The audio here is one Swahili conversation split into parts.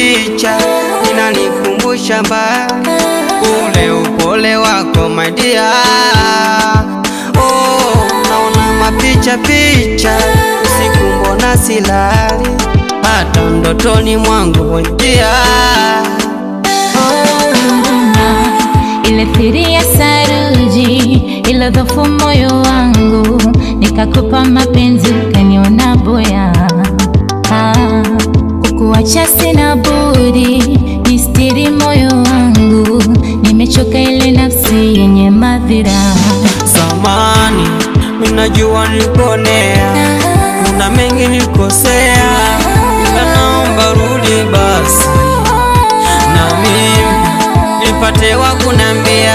picha inanikumbusha mbaya ule upole wako my dear. Oh, naona mapicha picha usiku mbona silali hata ndotoni mwangu my dear. Oh, ile thiri ya saruji ilodhofu moyo wangu nikakupa mapenzi kuacha sina budi, nistiri moyo wangu, nimechoka ile nafsi yenye madhira. Zamani minajua nikonea kuna mengi nikosea ila naomba rudi basi, na mimi nipate wa kunambia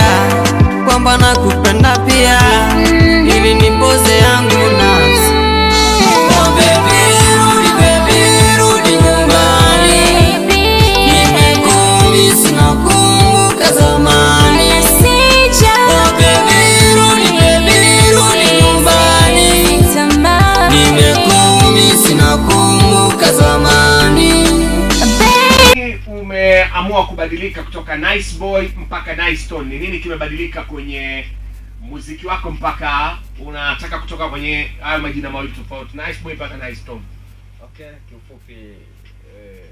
kwamba nakupenda pia kubadilika kutoka nice boy mpaka nice tone? Ni nini kimebadilika kwenye muziki wako mpaka unataka kutoka kwenye hayo majina mawili tofauti, nice boy mpaka nice tone? Okay, kiufupi eh,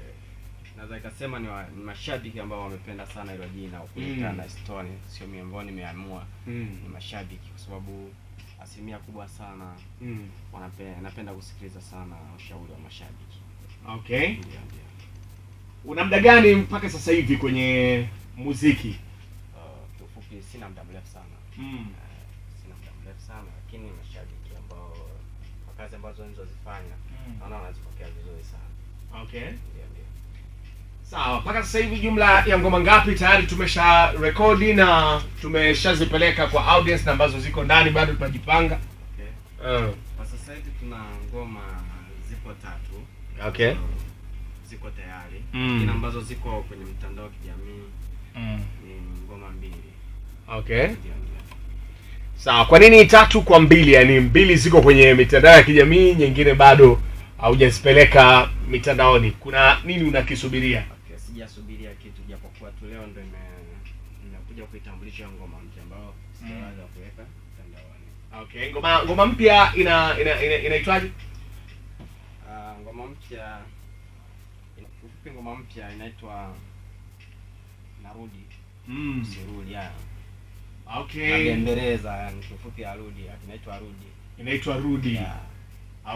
naweza ikasema ni, ni mashabiki ambao wamependa sana hilo jina kulingana mm. nice tone, sio miongoni nimeamua mm. ni mashabiki kwa sababu asilimia kubwa sana mm. wanapenda kusikiliza sana ushauri wa mashabiki. Okay, yeah, yeah una muda gani mpaka sasa hivi kwenye muziki? kiufupi Uh, sina muda mrefu sana mm. Uh, sina muda mrefu sana lakini mashabiki ambao kwa kazi ambazo nilizozifanya mm. naona wanazipokea vizuri sana. Okay. Ndio, ndio. Sawa, mpaka sasa hivi jumla ya ngoma ngapi tayari tumesha rekodi na tumeshazipeleka kwa audience na ambazo ziko ndani bado tunajipanga? Okay. Uh. Kwa sasa hivi tuna ngoma zipo tatu. Okay. Uh, ziko tayari mm. ambazo ziko kwenye mtandao wa kijamii mm. ni ngoma mbili. Okay, sawa. Kwa nini tatu kwa mbili? Yani mbili ziko kwenye mitandao ya kijamii, nyingine bado haujazipeleka mitandaoni. Kuna nini unakisubiria? Okay, sijasubiria kitu japokuwa tu leo ndo nimekuja kuitambulisha ngoma mpya ambayo sijaweza mm. kuweka mtandaoni. Okay, ngoma ngoma mpya ina inaitwaje? Ina, ina, ina uh, ah, ngoma mpya ngoma mpya inaitwa Narudi. Mm. Sirudi ya. Okay. Na yani kifupi arudi, inaitwa Rudi. Inaitwa Rudi. Yeah.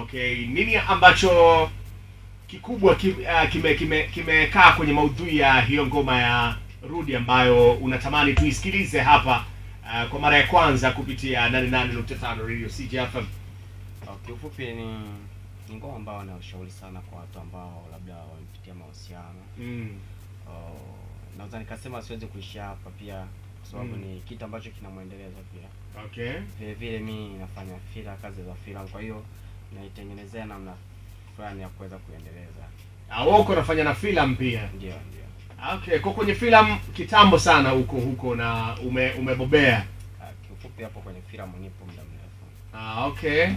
Okay, nini ambacho kikubwa kimekaa uh, kime, kime, kime kwenye maudhui ya hiyo ngoma ya Rudi ambayo unatamani tuisikilize hapa uh, kwa mara ya kwanza kupitia 88.5 Radio CJ FM. Kiufupi ni ni ngoma ambayo sana kwa watu ambao labda wamepitia mahusiano mm. Uh, naweza nikasema siwezi kuishia hapa pia kwa sababu mm. ni kitu ambacho kinamwendeleza pia okay. Vile vile mi nafanya fila kazi za fila, kwa hiyo naitengenezea namna fulani ya kuweza kuendeleza. Ah, uko nafanya na filamu pia ndio ndio. Okay, kwa kwenye filamu kitambo sana huko huko na ume, umebobea. Uh, kiufupi hapo kwenye filamu nipo muda mrefu. Ah, okay. yeah.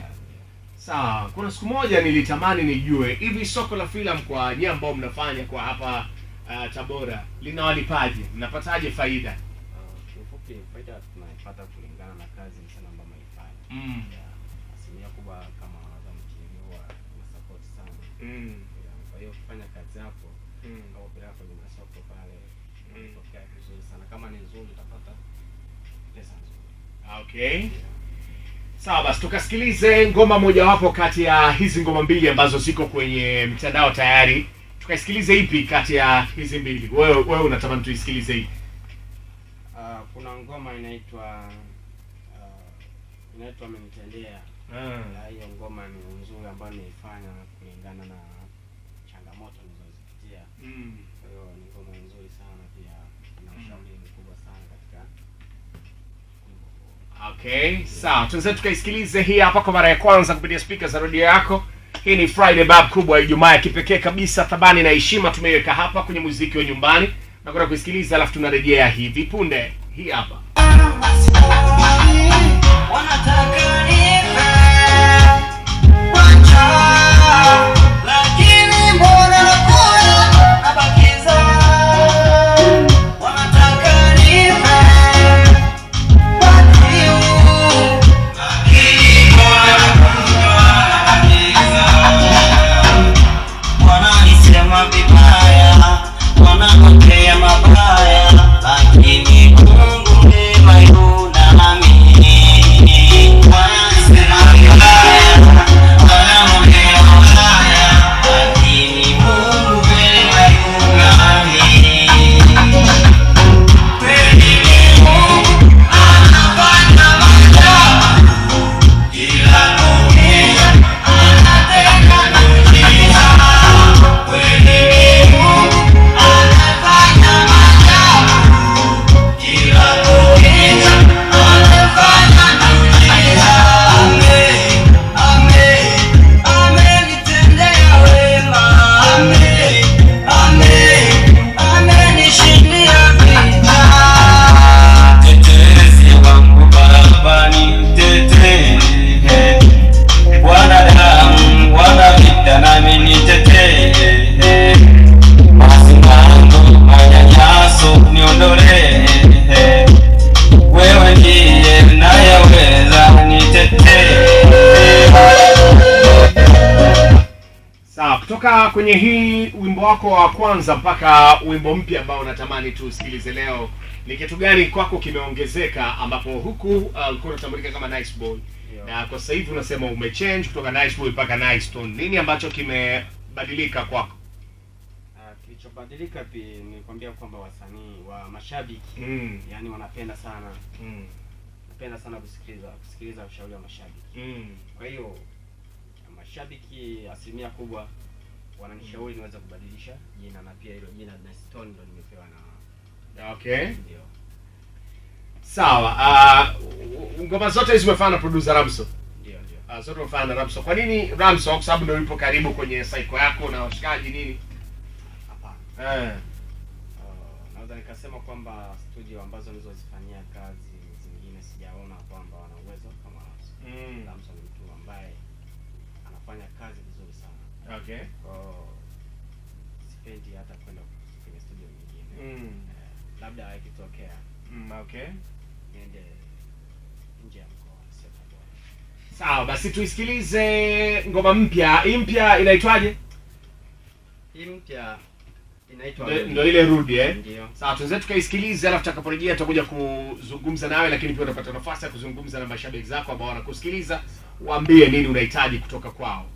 Sawa, kuna siku moja nilitamani nijue hivi soko la filamu kwa nyie ambao mnafanya kwa hapa uh, Tabora linawalipaje? Mnapataje faida? Kiufupi uh, faida tunaipata kulingana na kazi sana ambayo mnaifanya. Mm. Yeah. Asilimia kubwa kama za mjini huwa na support sana. Mm. Yeah, kwa hiyo kufanya kazi yako mm. au bila hapo ni soko pale. Mm. Okay, vizuri sana. Kama ni nzuri utapata pesa nzuri. Okay. Yeah. Sawa basi, tukasikilize ngoma mojawapo kati ya hizi ngoma mbili ambazo ziko kwenye mtandao tayari. Tukaisikilize ipi kati ya hizi mbili? Wewe wewe unatamani tuisikilize ipi? Uh, kuna ngoma inaitwa uh, inaitwa amenitendea. Ah, hiyo ngoma ni nzuri ambayo nimeifanya kulingana na changamoto nilizozipitia. Mm. Kwa hiyo ni ngoma nzuri sana pia na ushauri Okay, sawa, tuanze tukaisikilize hii hapa kwa mara ya kwanza kupitia spika za redio yako. Hii ni Friday Bab kubwa ya Ijumaa ya kipekee kabisa, thamani na heshima tumeiweka hapa kwenye muziki wa nyumbani. Nakwenda kuisikiliza, alafu tunarejea hivi punde. Hii hapa wanataka kutoka kwenye hii wimbo wako wa kwanza mpaka wimbo mpya ambao unatamani tu tusikilize leo, ni kitu gani kwako kimeongezeka, ambapo huku uh, ulikuwa uh, unatambulika kama Nice Boy yeah. na kwa sasa hivi unasema umechange kutoka Nice Boy mpaka Nice tone Nini ambacho kimebadilika kwako? Uh, kilichobadilika pia ni kwambia kwamba wasanii wa mashabiki mm. yani wanapenda sana mm. napenda sana kusikiliza kusikiliza ushauri wa mashabiki mm. kwa hiyo mashabiki asilimia kubwa wananishauri niweze kubadilisha jina na pia hilo jina na Stone ndo nimepewa na okay, ndio sawa. Uh, ngoma zote hizi umefanya na producer Ramso? Ndio, ndio. Uh, zote umefanya na Ramso. Kwa nini Ramso? Kwa sababu ndio yupo karibu kwenye cycle yako na washikaji nini? Hapana, eh, ah, naweza nikasema kwamba studio ambazo nilizozifanyia kazi zingine sijaona kwamba wana uwezo kama Ramso. Mm. Ramso ni mtu ambaye anafanya kazi vizuri sana Oh. sipendi hata kwenda kwenye studio nyingine. Mm. Uh, labda Mm, okay. Niende nje ya mkoa. Sawa, basi tuisikilize ngoma mpya. Hii mpya inaitwaje? mpya ile rudi eh? Ndiyo. tukaisikilize, alafu takaporejia tutakuja kuzungumza nawe, lakini pia utapata nafasi ya kuzungumza na mashabiki zako ambao wanakusikiliza, waambie nini unahitaji kutoka kwao.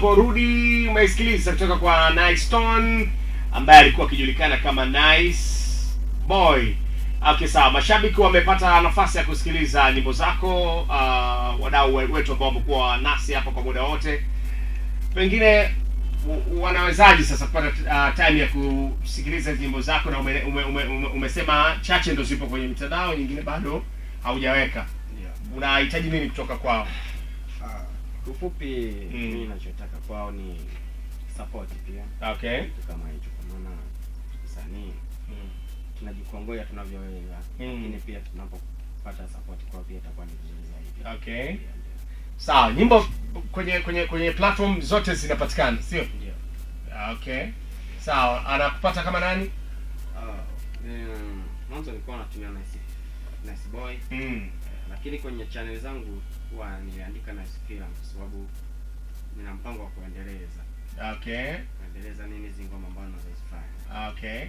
tunaporudi umesikiliza kutoka kwa Nice Stone ambaye alikuwa akijulikana kama Nice Boy. Okay, sawa. Mashabiki wamepata nafasi ya kusikiliza nyimbo zako, uh, wadau wetu ambao wamekuwa nasi hapa kwa muda wote, pengine wanawezaji sasa kupata uh, time ya kusikiliza nyimbo zako? Na ume, ume, ume, umesema chache ndo zipo kwenye mitandao, nyingine bado haujaweka. Unahitaji nini kutoka kwao? Uh, kiufupi mm. mimi ninachotaka kwao ni support pia okay. kitu kama hicho, kwa maana msanii mm. tunajikongoja tunavyoweza, mm. lakini mm. pia tunapopata support kwao pia itakuwa ni vizuri zaidi. Okay, sawa. Nyimbo kwenye kwenye kwenye platform zote zinapatikana, sio ndio? Okay, sawa. Anakupata kama nani? Uh, um, mwanzo nilikuwa natumia Nice Nice Boy mm. Eh, lakini kwenye channel zangu nilikuwa niliandika na sikila kwa sababu nina mpango wa kuendeleza. Okay. Kuendeleza nini hizi ngoma ambazo nazozifanya. Okay.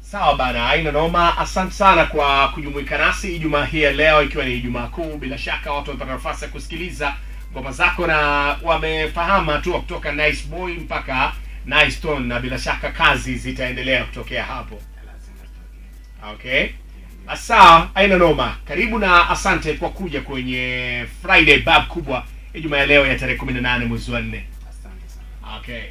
Sawa bana, aina noma. Asante sana kwa kujumuika nasi Ijumaa hii ya leo, ikiwa ni Ijumaa Kuu. Bila shaka watu wamepata nafasi ya kusikiliza ngoma zako na wamefahamu tu kutoka Nice Boy mpaka Nice Tone, na bila shaka kazi zitaendelea kutokea hapo. Okay. Asaa aina noma. Karibu na asante kwa kuja kwenye Friday Bab kubwa juma ya leo ya tarehe 18 mwezi wa 4. Asante sana. Okay.